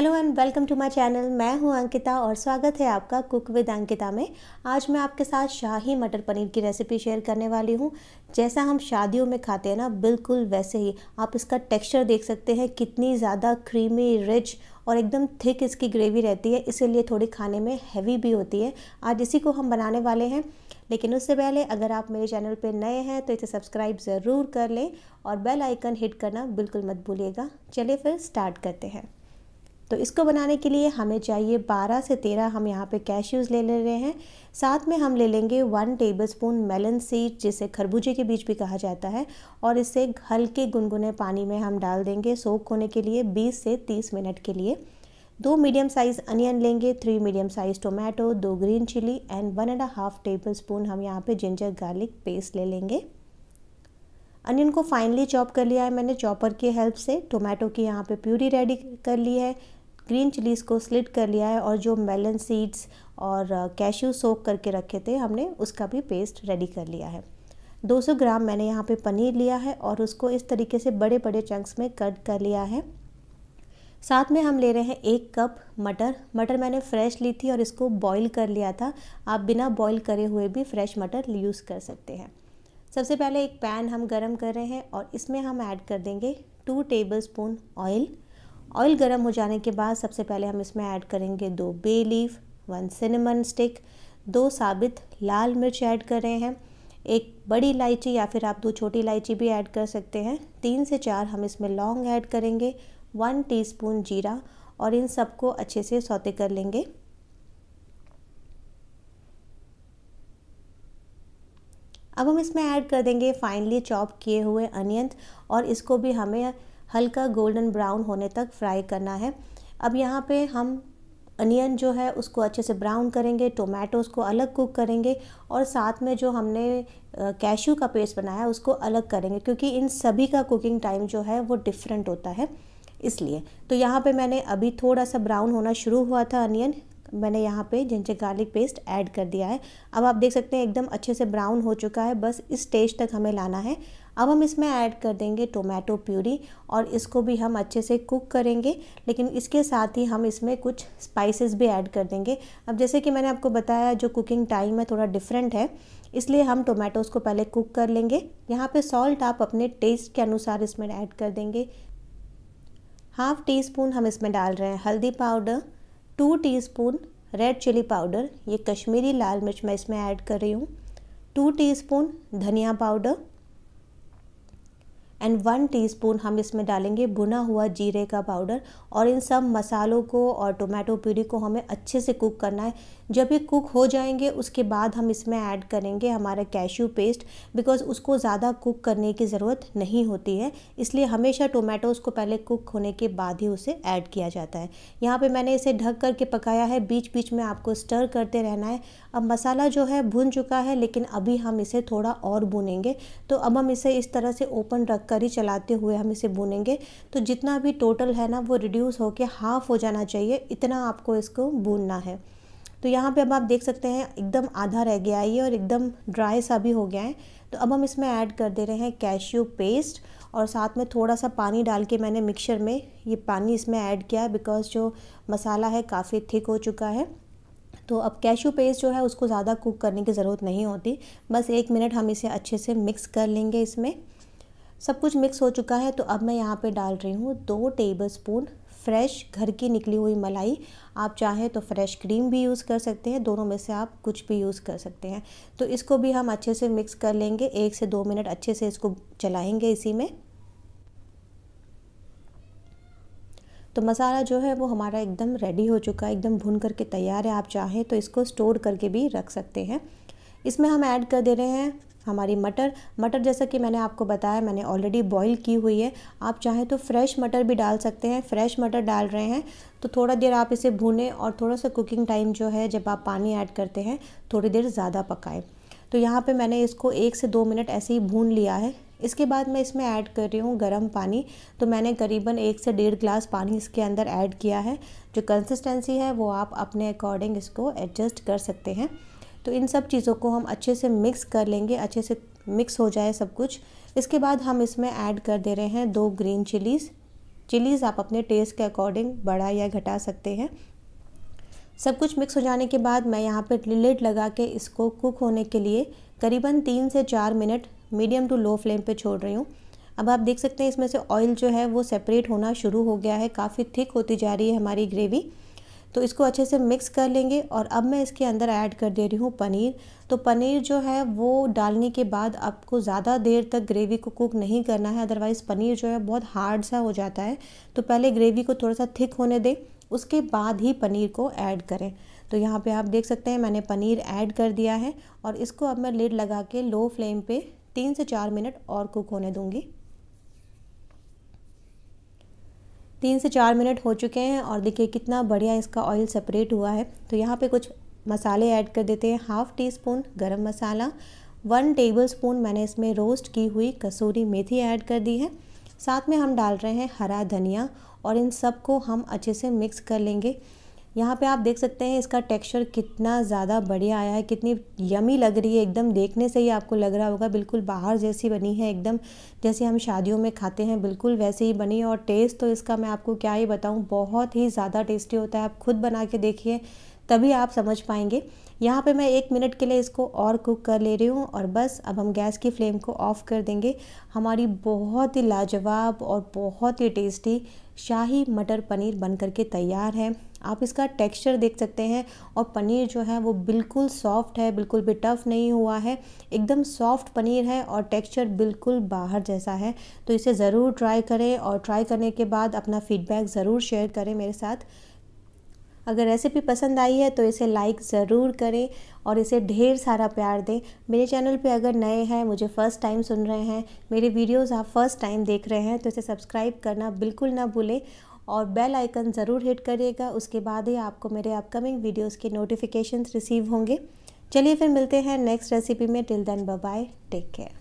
hello and welcome to my channel मैं हूं अंकिता और स्वागत है आपका कुक विद अंकिता में आज मैं आपके साथ शाही मटर पनीर की रेसिपी शेयर करने वाली हूं जैसा हम शादियों में खाते हैं ना बिल्कुल वैसे ही आप इसका टेक्सचर देख सकते हैं कितनी ज़्यादा क्रीमी रिच और एकदम थिक इसकी ग्रेवी रहती है इसीलिए थोड़ी खाने में हैवी भी होती है आज इसी को हम बनाने वाले हैं लेकिन उससे पहले अगर आप मेरे चैनल पर नए हैं तो इसे सब्सक्राइब ज़रूर कर लें और बेल आइकन हिट करना बिल्कुल मत भूलिएगा चलिए फिर स्टार्ट करते हैं तो इसको बनाने के लिए हमें चाहिए 12 से 13 हम यहाँ पे कैश्यूज़ ले ले रहे हैं साथ में हम ले लेंगे वन टेबलस्पून मेलन सीड जिसे खरबूजे के बीज भी कहा जाता है और इसे हल्के गुनगुने पानी में हम डाल देंगे सोख होने के लिए 20 से 30 मिनट के लिए दो मीडियम साइज़ अनियन लेंगे थ्री मीडियम साइज़ टोमेटो दो green chilli and one and half tablespoon हम यहाँ पे जिंजर गार्लिक पेस्ट ले लेंगे अनियन को फाइनली चॉप कर लिया है मैंने चॉपर की हेल्प से टोमेटो की यहाँ पे प्यूरी रेडी कर ली है ग्रीन चिलीज़ को स्लिट कर लिया है और जो मेलन सीड्स और कैश्यू सोक करके रखे थे हमने उसका भी पेस्ट रेडी कर लिया है 200 ग्राम मैंने यहाँ पे पनीर लिया है और उसको इस तरीके से बड़े बड़े चंक्स में कट कर लिया है साथ में हम ले रहे हैं एक कप मटर मटर मैंने फ्रेश ली थी और इसको बॉईल कर लिया था आप बिना बॉईल करे हुए भी फ्रेश मटर यूज़ कर सकते हैं सबसे पहले एक पैन हम गरम कर रहे हैं और इसमें हम ऐड कर देंगे two tablespoon oil oil गर्म हो जाने के बाद सबसे पहले हम इसमें ऐड करेंगे दो bay leaf one cinnamon stick दो साबित लाल मिर्च ऐड कर रहे हैं एक बड़ी इलायची या फिर आप दो छोटी इलायची भी ऐड कर सकते हैं तीन से चार हम इसमें लौंग ऐड करेंगे वन टीस्पून जीरा और इन सबको अच्छे से सौते कर लेंगे अब हम इसमें ऐड कर देंगे फाइनली चॉप किए हुए अनियन और इसको भी हमें हल्का गोल्डन ब्राउन होने तक फ्राई करना है अब यहाँ पे हम अनियन जो है उसको अच्छे से ब्राउन करेंगे टोमेटोज़ को अलग कुक करेंगे और साथ में जो हमने कैशू का पेस्ट बनाया है उसको अलग करेंगे क्योंकि इन सभी का कुकिंग टाइम जो है वो डिफरेंट होता है इसलिए तो यहाँ पे मैंने अभी थोड़ा सा ब्राउन होना शुरू हुआ था अनियन मैंने यहाँ पे जिनसे गार्लिक पेस्ट ऐड कर दिया है अब आप देख सकते हैं एकदम अच्छे से ब्राउन हो चुका है बस इस स्टेज तक हमें लाना है अब हम इसमें ऐड कर देंगे टोमेटो प्यूरी और इसको भी हम अच्छे से कुक करेंगे लेकिन इसके साथ ही हम इसमें कुछ स्पाइसेस भी ऐड कर देंगे अब जैसे कि मैंने आपको बताया जो कुकिंग टाइम है थोड़ा डिफरेंट है इसलिए हम टोमेटोज़ को पहले कुक कर लेंगे यहाँ पर सॉल्ट आप अपने टेस्ट के अनुसार इसमें ऐड कर देंगे हाफ़ टी स्पून हम इसमें डाल रहे हैं हल्दी powder two teaspoon red chilli powder ये कश्मीरी लाल मिर्च मैं इसमें ऐड कर रही हूँ टू टीस्पून धनिया पाउडर एंड वन टीस्पून हम इसमें डालेंगे भुना हुआ जीरे का पाउडर और इन सब मसालों को और टोमेटो प्यूरी को हमें अच्छे से कुक करना है जब ये कुक हो जाएंगे उसके बाद हम इसमें ऐड करेंगे हमारा कैश्यू पेस्ट बिकॉज उसको ज़्यादा कुक करने की ज़रूरत नहीं होती है इसलिए हमेशा टोमेटोज़ को पहले कुक होने के बाद ही उसे ऐड किया जाता है यहाँ पर मैंने इसे ढक करके पकाया है बीच बीच में आपको स्टर करते रहना है अब मसाला जो है भुन चुका है लेकिन अभी हम इसे थोड़ा और भुनेंगे तो अब हम इसे इस तरह से ओपन रख करी चलाते हुए हम इसे भूनेंगे तो जितना भी टोटल है ना वो रिड्यूस होकर हाफ़ हो जाना चाहिए इतना आपको इसको भूनना है तो यहाँ पे अब आप देख सकते हैं एकदम आधा रह गया है ये और एकदम ड्राई सा भी हो गया है तो अब हम इसमें ऐड कर दे रहे हैं कैश्यू पेस्ट और साथ में थोड़ा सा पानी डाल के मैंने मिक्सर में ये पानी इसमें ऐड किया है बिकॉज़ जो मसाला है काफ़ी थिक हो चुका है तो अब कैशू पेस्ट जो है उसको ज़्यादा कुक करने की ज़रूरत नहीं होती बस एक मिनट हम इसे अच्छे से मिक्स कर लेंगे इसमें सब कुछ मिक्स हो चुका है तो अब मैं यहाँ पे डाल रही हूँ दो टेबलस्पून फ्रेश घर की निकली हुई मलाई आप चाहें तो फ्रेश क्रीम भी यूज़ कर सकते हैं दोनों में से आप कुछ भी यूज़ कर सकते हैं तो इसको भी हम अच्छे से मिक्स कर लेंगे एक से दो मिनट अच्छे से इसको चलाएँगे इसी में तो मसाला जो है वो हमारा एकदम रेडी हो चुका है एकदम भुन करके तैयार है आप चाहें तो इसको स्टोर करके भी रख सकते हैं इसमें हम ऐड कर दे रहे हैं हमारी मटर मटर जैसा कि मैंने आपको बताया मैंने ऑलरेडी बॉईल की हुई है आप चाहें तो फ्रेश मटर भी डाल सकते हैं फ्रेश मटर डाल रहे हैं तो थोड़ा देर आप इसे भूनें और थोड़ा सा कुकिंग टाइम जो है जब आप पानी ऐड करते हैं थोड़ी देर ज़्यादा पकाएं तो यहाँ पे मैंने इसको एक से दो मिनट ऐसे ही भून लिया है इसके बाद मैं इसमें ऐड कर रही हूँ गर्म पानी तो मैंने करीबन एक से डेढ़ ग्लास पानी इसके अंदर ऐड किया है जो कंसिस्टेंसी है वो आप अपने अकॉर्डिंग इसको एडजस्ट कर सकते हैं तो इन सब चीज़ों को हम अच्छे से मिक्स कर लेंगे अच्छे से मिक्स हो जाए सब कुछ इसके बाद हम इसमें ऐड कर दे रहे हैं दो ग्रीन चिलीज़ चिलीज़ आप अपने टेस्ट के अकॉर्डिंग बढ़ा या घटा सकते हैं सब कुछ मिक्स हो जाने के बाद मैं यहाँ पर लिलेट लगा के इसको कुक होने के लिए करीबन तीन से चार minute medium to low flame पे छोड़ रही हूँ अब आप देख सकते हैं इसमें से ऑयल जो है वो सेपरेट होना शुरू हो गया है काफ़ी थिक होती जा रही है हमारी ग्रेवी तो इसको अच्छे से मिक्स कर लेंगे और अब मैं इसके अंदर ऐड कर दे रही हूँ पनीर तो पनीर जो है वो डालने के बाद आपको ज़्यादा देर तक ग्रेवी को कुक नहीं करना है अदरवाइज़ पनीर जो है बहुत हार्ड सा हो जाता है तो पहले ग्रेवी को थोड़ा सा थिक होने दें उसके बाद ही पनीर को ऐड करें तो यहाँ पे आप देख सकते हैं मैंने पनीर ऐड कर दिया है और इसको अब मैं लिड लगा के लो फ्लेम पे तीन से चार मिनट और कुक होने दूँगी तीन से चार मिनट हो चुके हैं और देखिए कितना बढ़िया इसका ऑयल सेपरेट हुआ है तो यहाँ पे कुछ मसाले ऐड कर देते हैं हाफ़ टी स्पून गर्म मसाला वन टेबल स्पून मैंने इसमें रोस्ट की हुई कसूरी मेथी ऐड कर दी है साथ में हम डाल रहे हैं हरा धनिया और इन सब को हम अच्छे से मिक्स कर लेंगे यहाँ पे आप देख सकते हैं इसका टेक्सचर कितना ज़्यादा बढ़िया आया है कितनी यमी लग रही है एकदम देखने से ही आपको लग रहा होगा बिल्कुल बाहर जैसी बनी है एकदम जैसे हम शादियों में खाते हैं बिल्कुल वैसे ही बनी और टेस्ट तो इसका मैं आपको क्या ही बताऊँ बहुत ही ज़्यादा टेस्टी होता है आप खुद बना के देखिए तभी आप समझ पाएंगे यहाँ पे मैं एक मिनट के लिए इसको और कुक कर ले रही हूँ और बस अब हम गैस की फ्लेम को ऑफ़ कर देंगे हमारी बहुत ही लाजवाब और बहुत ही टेस्टी शाही मटर पनीर बन करके तैयार है आप इसका टेक्सचर देख सकते हैं और पनीर जो है वो बिल्कुल सॉफ्ट है बिल्कुल भी टफ़ नहीं हुआ है एकदम सॉफ्ट पनीर है और टेक्सचर बिल्कुल बाहर जैसा है तो इसे ज़रूर ट्राई करें और ट्राई करने के बाद अपना फ़ीडबैक ज़रूर शेयर करें मेरे साथ अगर रेसिपी पसंद आई है तो इसे लाइक ज़रूर करें और इसे ढेर सारा प्यार दें मेरे चैनल पे अगर नए हैं मुझे फ़र्स्ट टाइम सुन रहे हैं मेरे वीडियोस आप फर्स्ट टाइम देख रहे हैं तो इसे सब्सक्राइब करना बिल्कुल ना भूलें और बेल आइकन ज़रूर हिट करिएगा उसके बाद ही आपको मेरे अपकमिंग वीडियोज़ के नोटिफिकेशन रिसीव होंगे चलिए फिर मिलते हैं नेक्स्ट रेसिपी में till then bye take care